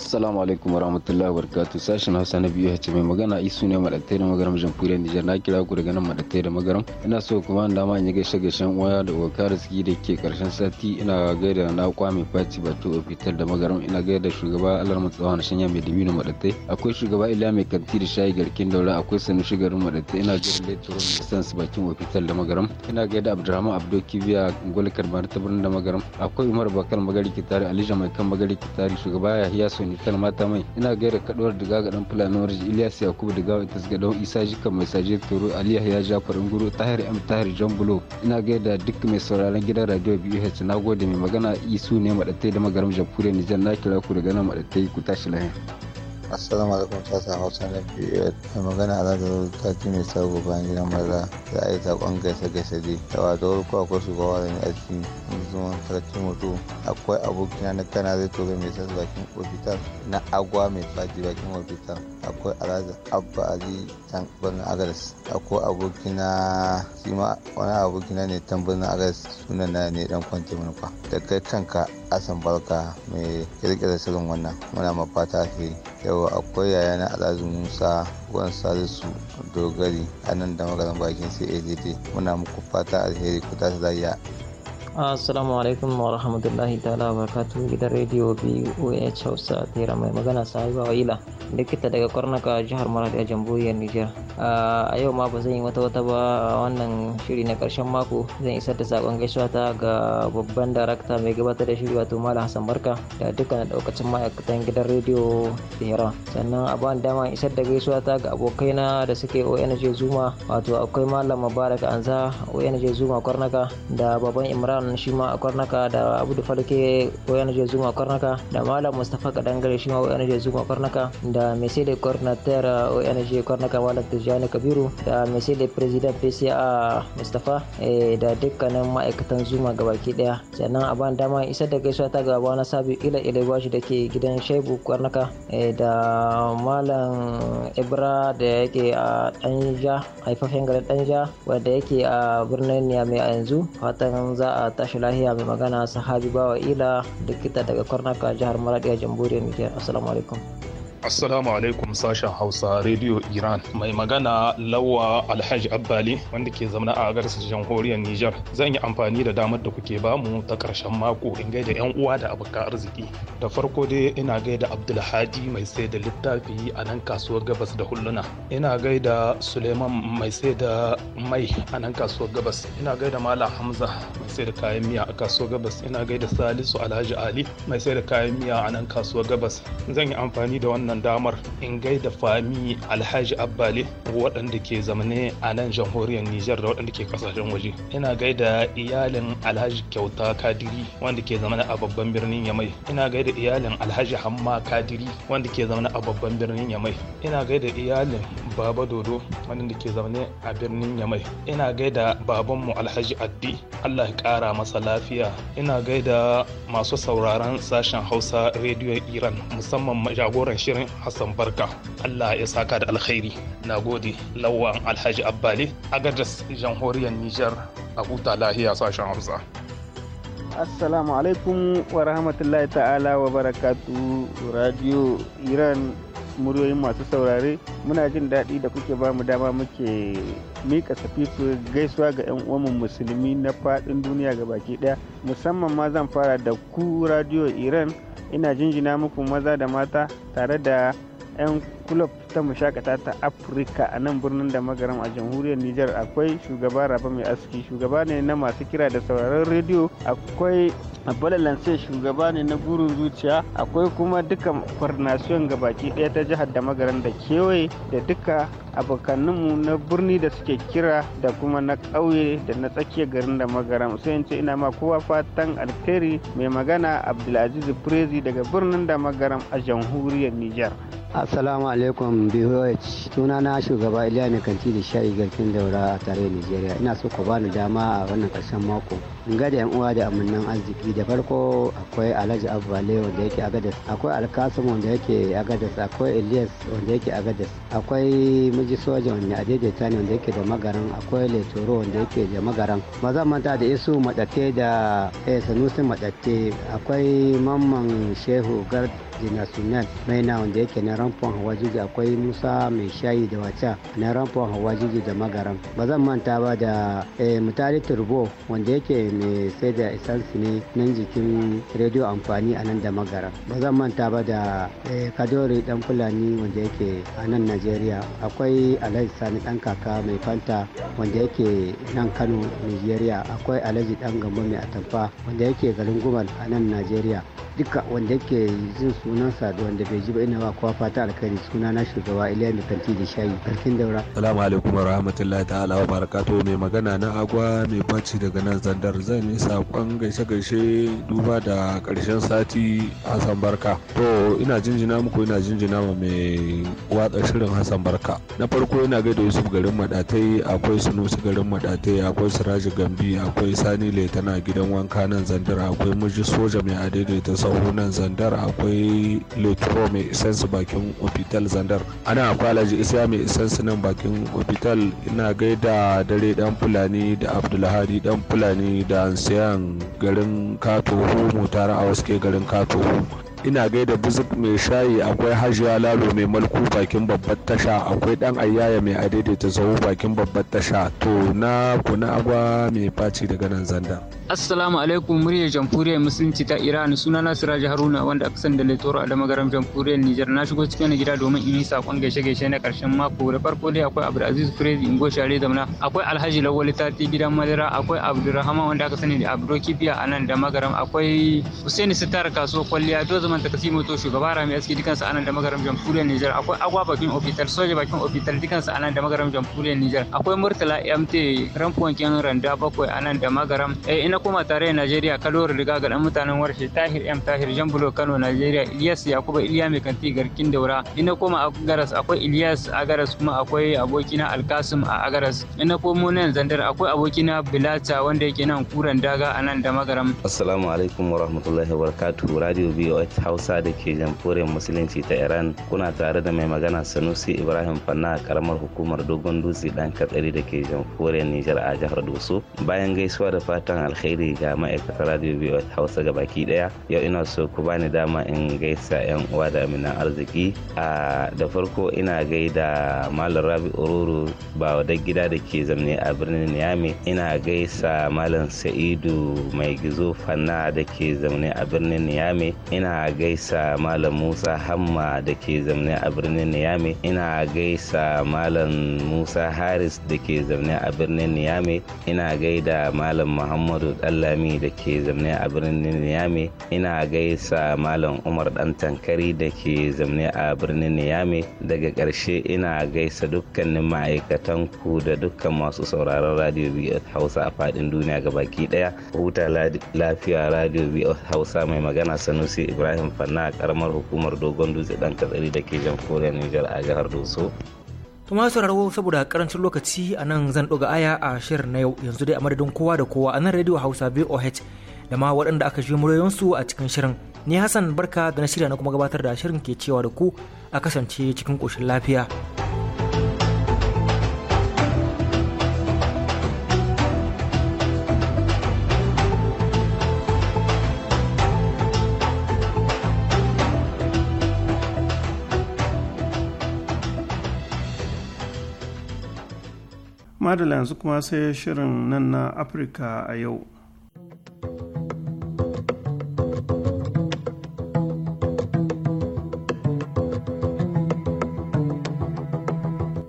S7: Assalamu alaikum warahmatullahi wabarakatuh sashen Hausa na biyu hace mai magana isu ne madatai da magaram jamhuriyar Nijar na kira ku daga nan madatai da magaram ina so kuma da dama in yi gaishe shan uwa da uwa da da ke karshen sati ina gaida na mai faci to ofitar da magaram ina gaida shugaba alar mutsawa na shanya mai dimino madatai akwai shugaba ila mai kanti da shayi garkin daura akwai sanu shugaban madatai ina gaida da sans bakin ofitar da magaram ina gaida abdurrahman Abdul kibiya gol ta birnin da magaram akwai umar bakar magari kitari alija mai kan magari kitari shugaba yahiya sun mekanikal mata mai ina gaira kaduwar diga ga dan fulani iliyas ilyas yakubu diga wa tasga don isa jika mai saje toro ali yahya jafar nguru tahir m tahir john bulo ina gaida duk mai sauraron gidan radio bh na gode mai magana isu ne madatai da magaram jamhuriyar nijar na kira ku daga nan madatai ku tashi lahiya assalamu alaikum sasa hausa na biyu da magana a zaga ta ci mai sabo bayan gidan maza za a yi zaɓen gaisa gaisa dai da wato warko akwai shugaba da ne a zuwan sarki mutu akwai abokina na kana zai tobe mai sassa bakin ofita na agwa mai faji bakin ofita akwai alhaji abba ali can abokina shi ma wani abokina ne can birnin sunan na ne dan kwanci manufa da kai kanka asan barka mai kirkira sirrin wannan muna mafata ke yau akwai yayana alhaji musa wan salisu dogari a nan da magaran bakin cadd muna muku fata alheri ku tashi lafiya
S12: Assalamu alaikum wa rahmatullahi ta'ala wa barakatu gidan rediyo BOH Hausa tera mai magana sahiba wa'ila likita daga kwarnaka jihar Maradi a jamhuriyar Nijar. A yau ma ba zan yi wata wata ba wannan shiri na karshen mako zan isar da sakon gaisuwa ta ga babban darakta mai gabatar da shiri wato Malam Hassan Barka da dukkan daukacin ma'aikatan gidan rediyo Tera. Sannan a ban dama isar da gaisuwa ta ga abokaina da suke ONG Zuma wato akwai Malam Mubarak Anza ONG Zuma kwarnaka da baban Imran Lawan shi ma a Kwarnaka da da Falke Oyana Jezuma a Kwarnaka da Malam Mustapha Kadangare shi ma Oyana Jezuma a Kwarnaka da Mese da Coordinator Oyana Je Kwarnaka Malam Tijjani Kabiru da Mese da President PCA Mustapha eh, da dukkanin ma'aikatan Zuma gabaki daya. Sannan a ban dama isa da gaisuwa ta gaba na Sabi Ila ila da ke gidan Shaibu Kwarnaka eh, da Malam Ibra da yake a Danja haifafen garin Danja wanda yake a birnin Niamey a yanzu fatan za a a tashi lahiya mai magana sahabi bawa ila likita daga kwarnaka jihar maradi a jamhuriyar nijar assalamu alaikum
S4: Assalamu alaikum sashen Hausa Radio Iran. Mai magana Lawa Alhaji Abbali wanda ke zama a garsa jamhuriyar Nijar. Zan yi amfani da damar da kuke bamu ta karshen mako in gaida yan uwa da abokan arziki. Da farko dai ina gaida Abdulhadi mai sai da littafi a nan kasuwar Gabas da Hulluna. Ina gaida Suleiman mai sai da mai a nan kasuwar Gabas. Ina gaida Malam Hamza mai sai da kayan miya a kasuwar Gabas. Ina gaida Salisu Alhaji Ali mai sai da kayan miya a nan kasuwar Gabas. Zan yi amfani da wannan wannan damar in gaida fami alhaji abbali waɗanda ke zamane a nan jamhuriyar nijar da waɗanda ke kasashen waje ina gaida iyalin alhaji kyauta kadiri wanda ke zamane a babban birnin yamai ina gaida iyalin alhaji hamma kadiri wanda ke zamane a babban birnin yamai ina gaida iyalin baba dodo wanda ke zamane a birnin yamai ina gaida babanmu alhaji addi allah ya kara masa lafiya ina gaida masu sauraron sashen hausa rediyon iran musamman jagoran shirin wurin Hassan Barka. Allah ya saka da alkhairi. Na gode lauwan Alhaji Abbali Agadas jamhuriyar Nijar a huta lahiya sashen Hausa.
S7: Assalamu alaikum wa rahmatullahi ta'ala wa barakatu Radio Iran muryoyin masu saurare muna jin daɗi da kuke ba mu dama muke mika safifu gaisuwa ga 'yan uwanmu musulmi na faɗin duniya ga baki ɗaya musamman ma zan fara da ku radio iran ina jinjina muku maza da mata tare da 'yan kulob ta mashakata ta afirka a nan birnin da magaram a jamhuriyar nijar akwai shugaba raba mai aski shugaba ne na masu kira da sauraron rediyo akwai abbala lance shugaba ne na gurin zuciya akwai kuma duka kwarnasiyon gabaki daya ta jihar da magaran da kewaye da duka abokanninmu na birni da suke kira da kuma na ƙauye da na tsakiyar garin da magaram sai in ce ina ma kowa fatan alkhairi mai magana abdulaziz prezi daga birnin da magaram a jamhuriyar nijar
S13: assalamu alaikum BOH. tuna na shugaba Iliya mai kanti da shayi garkin daura a tare nigeria Ina so ku bani dama a wannan karshen mako. In ga da yan uwa da amannan arziki da farko akwai Alhaji Abbale wanda yake Agadas. Akwai Alkasim wanda yake Agadas. Akwai elias wanda yake Agadas. Akwai Miji Soja wanda a daidaita ne wanda yake da magaran. Akwai Letoro wanda yake da magaran. Ba zan manta da Isu Madatte da eh, Sanusi Madatte. Akwai Mamman Shehu Gard de national mai na wanda yake na hawa jiji akwai musa mai shayi da wata na hawa jiji da magaram ba zan manta ba da eh, mutali turbo wanda yake mai sai da isansu ne nan jikin rediyo amfani a nan da magaram ba zan manta ba da eh, kadori dan fulani wanda yake a nan najeriya akwai alhaji sani dan kaka mai fanta wanda yake nan kano nigeria akwai alhaji dan gambo mai atamfa wanda yake garin gumal a nan najeriya duka wanda yake jin sunansa da wanda bai ji ba ina ba kowa fata alkhairi suna na shugaba Iliya mai kanti da shayi karkin daura.
S9: Salamu alaikum wa rahmatullahi ta'ala wa barakatuhu mai magana na agwa mai baci daga nan zandar zan yi sakon gaishe gaishe duba da karshen sati Hassan Barka. To ina jinjina muku ina jinjina ma mai watsa shirin Hassan Barka. Na farko ina gaida Yusuf garin madatai akwai Sunusi garin madatai akwai Siraji Gambi akwai Sani Laitana gidan wanka nan zandar akwai Muji Soja mai adaidaita sau hunan zandar akwai letro mai isansu bakin ofital zandar ana kwalaji isa mai isansu nan bakin ofital ina gaida dare dan fulani da abdulhadi dan fulani da ansiyan garin kato homo tare a wasu garin kato ina gaida buzuk mai shayi akwai hajiya lalo mai malku bakin babbar tasha akwai dan ayyaya mai adaidaita sahu bakin babbar tasha to na kuna agwa mai faci daga nan zanda
S7: assalamu alaikum muryar jamhuriyar musulunci ta iran suna na siraji haruna wanda aka san da letoro a damagaram jamhuriyar nijar na shigo cikin gida domin in yi sakon gaishe gaishe na ƙarshen mako da farko dai akwai abdulaziz crazy ingo share zamna akwai alhaji lawali tati gidan madara akwai abdulrahman wanda aka sani da abdul kibiya a nan da magaram akwai Hussein sitar kasuwar kwalliya usman takasi moto shugaba rami aski dukansu anan da magaram jamhuriyar nijar akwai agwa bakin ofitar soja bakin ofital dukansu anan da magaram jamhuriyar nijar akwai murtala mt ramfonkin randa bakwai anan da magaram eh ina kuma tare najeriya kano riga ga dan mutanen warshe tahir m tahir jambulo kano najeriya ilyas yakuba iliya mai kanti garkin daura ina kuma a garas akwai ilyas a garas kuma akwai abokina alkasim a agaras ina komo nan zandar akwai abokina bilata wanda yake nan kuran daga anan da magaram
S14: assalamu alaikum warahmatullahi rahmatullahi radio voh hausa da ke jamhuriyar musulunci ta iran kuna tare da mai magana sanusi ibrahim fanna karamar hukumar dogon dutse dan katsari da ke jamhuriyar nijar a jihar doso bayan gaisuwa da fatan alkhairi ga ma'aikatar radio biyu hausa ga baki daya yau ina so ku bani dama in gaisa yan uwa da minan arziki a da farko ina gaida malam rabi ororo ba da gida da ke zamne a birnin niyame ina gaisa malam sa'idu mai gizo fanna da ke zamne a birnin niyame ina gaisa malam musa hamma da ke zamne a birnin niyame ina gaisa malam musa haris da ke zamne a birnin niyame ina gaida malam muhammadu dallami da ke zamne a birnin niyame ina gaisa malam umar dan tankari da ke zamne a birnin niyame daga karshe ina gaisa dukkanin ma'aikatan ku da dukkan masu sauraron radio bf hausa a faɗin duniya ga baki ɗaya huta lafiya radio bf hausa mai magana sanusi ibrahim ibrahim fanna a karamar hukumar dogon dutse dan katsari da ke jamhuriyar nijar a jihar doso
S2: to masu sauraro saboda karancin lokaci a nan zan ɗoga aya a shirin na yau yanzu dai a madadin kowa da kowa a nan radio hausa boh da ma waɗanda aka shi muryoyinsu a cikin shirin ni hassan barka da na shirya na kuma gabatar da shirin ke cewa da ku a kasance cikin koshin lafiya.
S1: madala yanzu kuma sai shirin nan na afirka a yau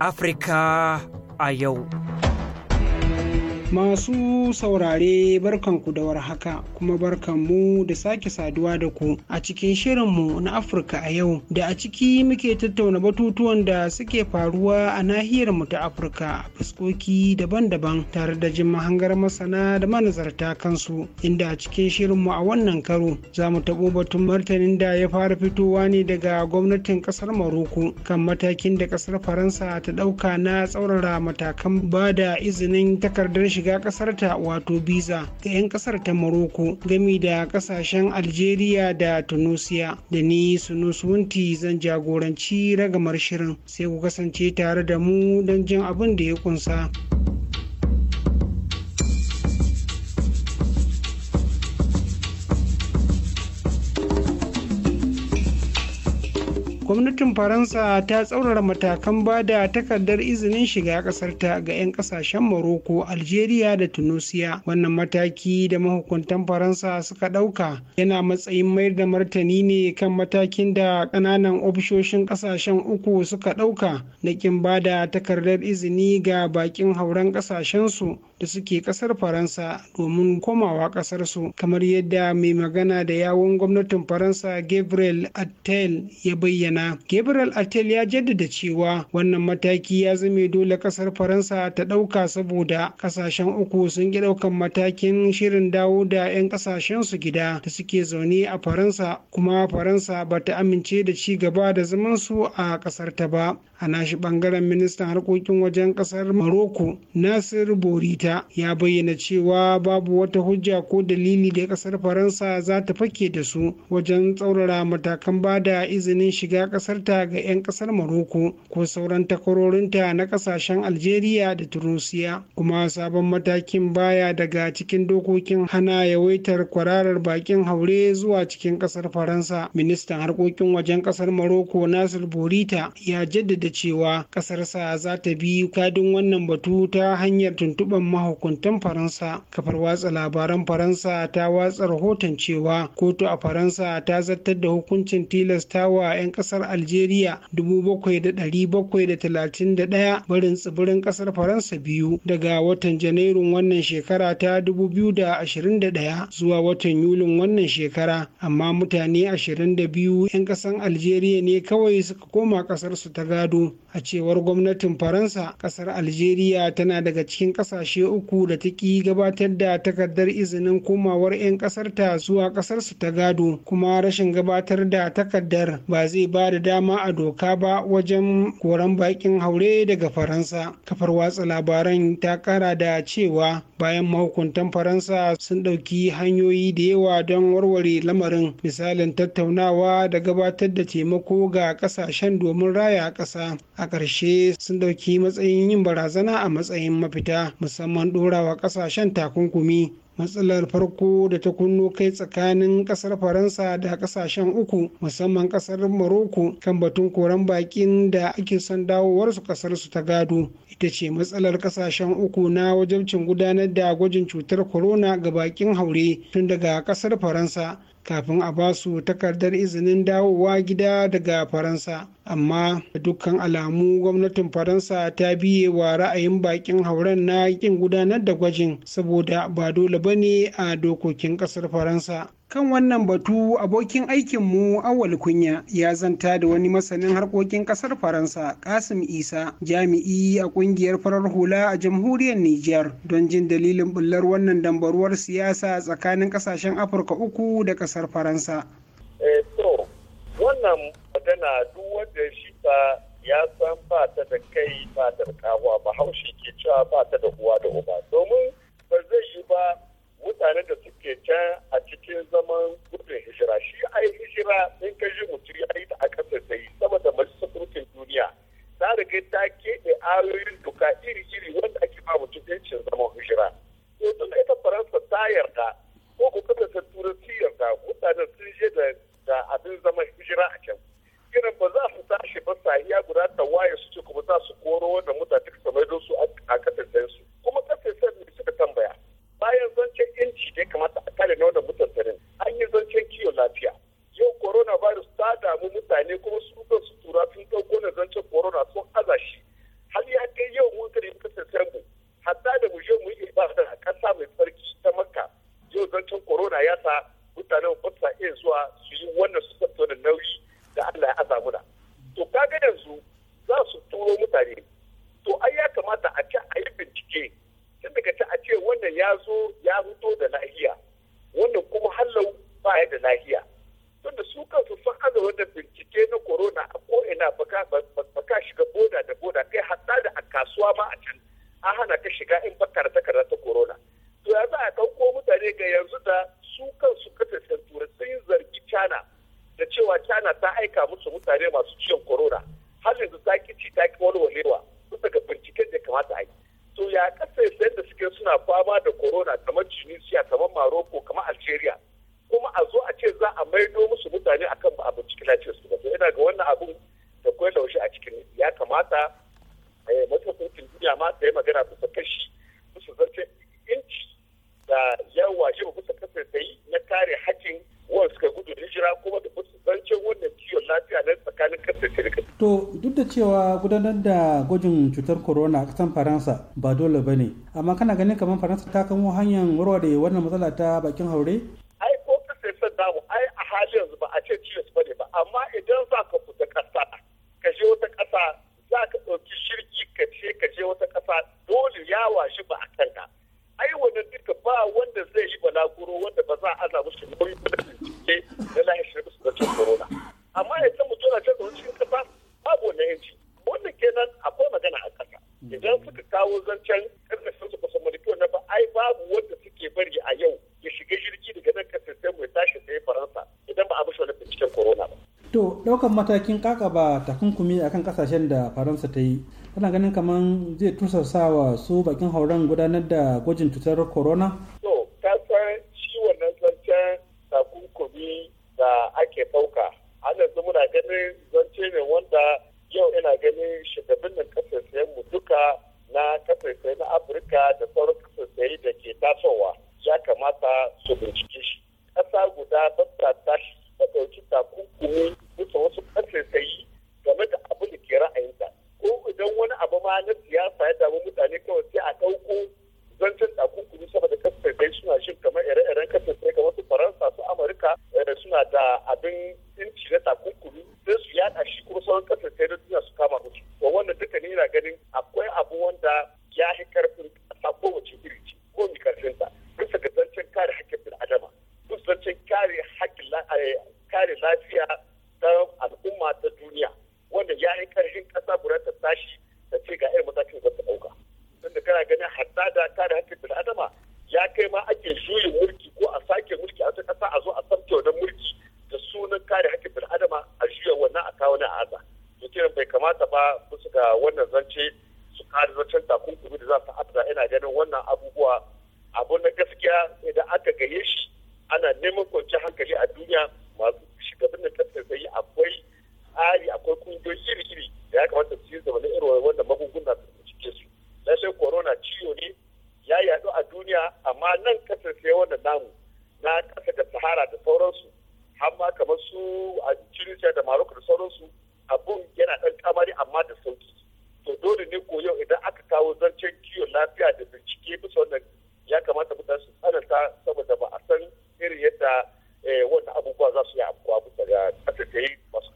S2: afirka a yau
S6: Masu saurare barkanku da warhaka kuma barkanmu da sake saduwa da ku a cikin shirinmu na Afirka a yau da a ciki muke tattauna batutuwan da suke faruwa a nahiyar mu ta Afirka a fuskoki daban-daban tare da jin mahangar masana da manazarta kansu inda a cikin mu a wannan karo za mu taɓo batun martanin da ya fara fitowa ne daga gwamnatin ƙasar Maroko kan matakin da ƙasar Faransa ta ɗauka na tsaurara matakan ba da izinin takardar shi shiga ƙasarta wato biza ga 'yan ƙasar ta Morocco gami da ƙasashen Algeria da Tunisia da ni Sunusunti zan jagoranci ragamar shirin sai ku kasance tare da mu don jin abin da ya kunsa. gwamnatin faransa ta tsaurara matakan ba da takardar izinin shiga ƙasarta ga 'yan kasashen maroko algeria da tunisia wannan mataki da mahukuntan faransa suka ɗauka yana matsayin mayar da martani ne kan matakin da ƙananan ofishoshin ƙasashen uku suka ɗauka na ƙin ba da takardar izini ga baƙin hauren ƙasashensu da suke kasar faransa domin komawa kasarsu kamar yadda mai magana da yawon gwamnatin faransa gabriel attel ya bayyana gabriel attel ya jaddada cewa wannan mataki ya zame dole kasar faransa ta dauka. saboda kasashen uku sun ki daukan matakin shirin dawo da 'yan kasashen su gida da suke zaune a faransa kuma faransa ba ta amince da ci gaba da zaman su a kasar ta ba a nashi bangaren ministan harkokin wajen kasar maroko nasir borita faransa ya bayyana cewa babu wata hujja ko dalili da kasar faransa za ta fake da su wajen tsaurara matakan bada izinin shiga kasarta ga 'yan kasar maroko ko sauran takwarorinta na kasashen algeria da turusiya kuma sabon matakin baya daga cikin dokokin hana yawaitar kwararar bakin haure zuwa cikin kasar faransa ministan harkokin wajen kasar maroko nasir borita ya jaddada cewa ƙasarsa za ta bi kadin wannan batu ta hanyar tuntuɓar mahukuntan faransa kafar watsa labaran faransa ta watsa rahoton cewa kotu a faransa ta zartar da hukuncin tilastawa 'yan kasar algeria 7,731 barin tsibirin kasar faransa biyu daga watan janairun wannan shekara ta 2021 zuwa watan yulin wannan shekara amma mutane 22 'yan kasan algeria ne kawai suka koma kasarsu ta gado a cewar gwamnatin faransa kasar algeria tana daga cikin kasashe kasashe uku da ta ki gabatar da takardar izinin komawar 'yan kasarta zuwa kasarsu ta gado kuma rashin gabatar da takardar ba zai ba da dama a doka ba wajen koran bakin haure daga faransa kafar watsa labaran ta kara da cewa bayan mahukuntan faransa sun ɗauki hanyoyi da yawa don warware lamarin misalin tattaunawa da gabatar da taimako ga ƙasashen domin raya ƙasa a ƙarshe sun ɗauki matsayin yin barazana a matsayin mafita musamman ɗorawa ƙasashen takunkumi matsalar farko da ta kunno kai tsakanin kasar faransa da kasashen uku musamman kasar maroko kan batun koran bakin da ake son dawowarsu kasar ta gado ita ce matsalar kasashen uku na wajabcin gudanar da gwajin cutar corona ga bakin haure tun daga kasar faransa kafin a ba su takardar izinin dawowa gida daga faransa amma da dukkan alamu gwamnatin faransa ta biye wa ra'ayin bakin hauren na kin gudanar da gwajin saboda ba dole ba ne a dokokin kasar faransa Kan wannan batu abokin aikinmu Awal Kunya ya zanta da wani masanin harkokin kasar Faransa Kasim Isa jami'i a kungiyar farar hula a jamhuriyar Nijar don jin dalilin bullar wannan dambaruwar siyasa tsakanin kasashen Afirka uku da kasar Faransa.
S15: Eh, to wannan magana duk wanda shi ba ya san ba ta da kai ba da kawa ba haushi ke cewa ba ta da uwa da uba domin ba zai yi ba mutanen da suke can a cikin zaman gudun hijira shi a yi hijira in ka ji mutum ya yi ta a yi sai saboda majalisar turkin duniya ta riga ta keɓe ayoyin duka iri-iri wanda ake ba mutum yancin zaman hijira yanzu tun ita faransa ta yarda ko ku ta tura sun yarda mutanen sun je da abin zaman hijira a can irin ba za su tashi ba sahiya guda ta waye su ce kuma za su koro wanda mutane suka don su a kasashen su kuma kasashen ne suka tambaya bayan zancen inci da ya kamata a kare na wannan mutantarin an yi zancen kiwon lafiya yau corona virus ta damu mutane kuma su su tura tun ɗauko na zancen corona sun haza shi har ya kai yau mun kare kasashen mu hatta da mu je mu yi ibada a ƙasa mai tsarki ta makka yau zancen corona ya sa mutanen ba sa iya zuwa su yi wannan su tattauna nauyi yazo ya
S7: gudanar da gwajin cutar corona a ƙasar faransa ba dole ba ne amma kana ganin kamar faransa ta kamo hanyar warware wannan matsala ta bakin haure ɗaukan matakin kakaba takunkumi kan kasashen da faransa ta yi tana ganin kamar zai tursasa wa su bakin hauren gudanar da gwajin cutar corona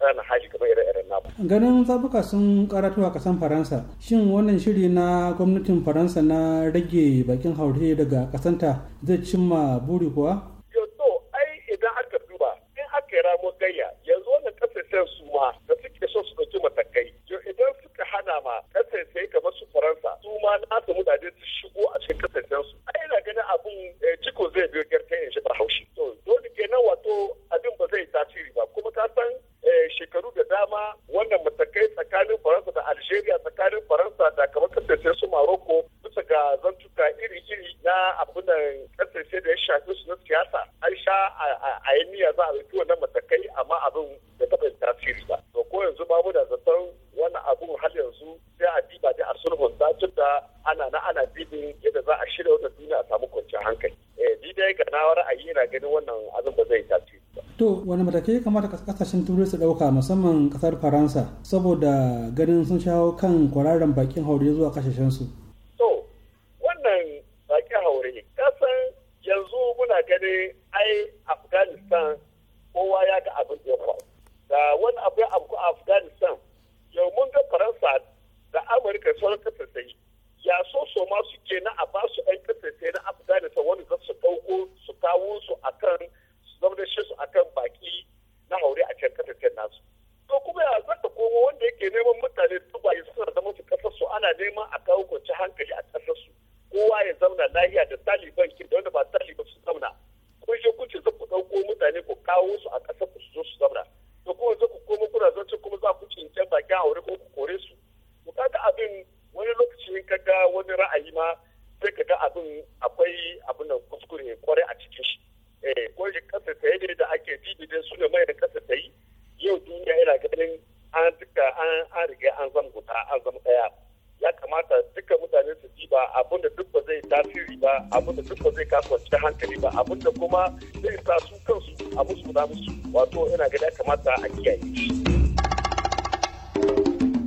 S15: kasa na haji kamar ire-iren namu.
S7: Ganin zabuka sun karatu a kasan Faransa. Shin wannan shiri na gwamnatin Faransa na rage bakin haure daga ƙasanta zai cimma buri kuwa? kasashen turai su ɗauka musamman ƙasar faransa saboda ganin sun shawo kan kwararren bakin haure zuwa kasashensu
S15: akwai abin da kuskure kware a cikin shi eh ko shi kasa tsaye ne da ake da su ne mai kasa tsaye yau duniya yana ganin an duka an riga an zama guta an zama daya ya kamata duka mutane su ji ba abin da duk ba zai tasiri ba abin da duk ba zai kasuwanci hankali ba abin da kuma zai sa su kansu a musu da musu wato ina ganin ya kamata a kiyaye shi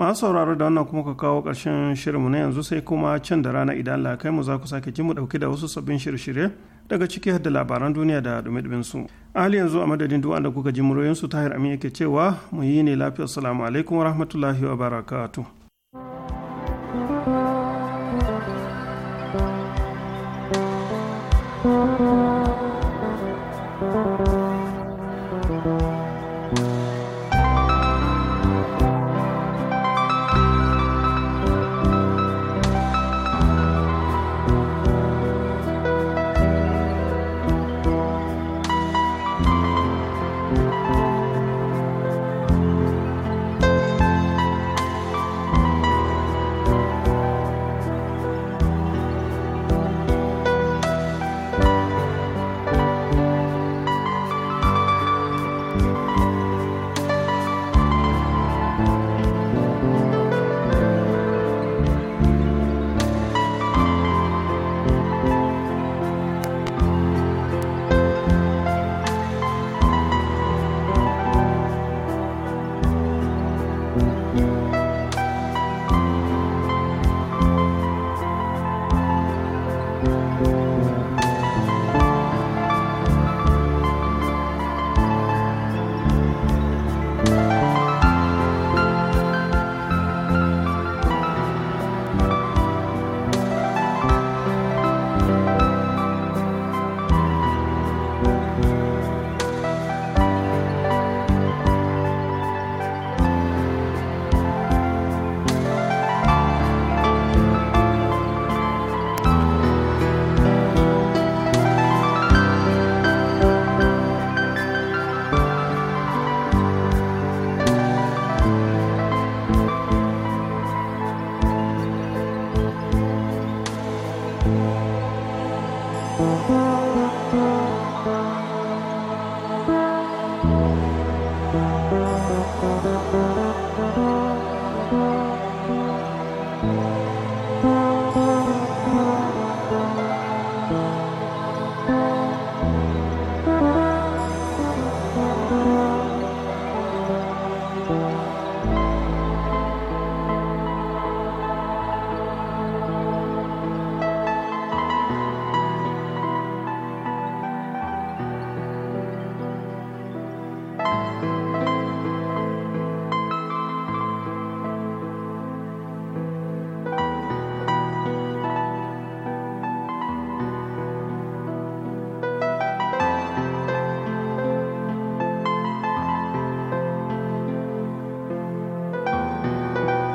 S6: masu sauraro da wannan kuma
S1: ka kawo ƙarshen shirinmu na yanzu sai kuma can da rana idan Allah kai mu za ku sake ji mu ɗauki da wasu sabbin shirye-shirye daga ciki da labaran duniya da dumi su a hali yanzu a madadin duwa da kuka ji muryoyinsu tahir amin yake cewa mu yi ne lafiya assalamu alaikum wa rahmatullahi wa barakatuh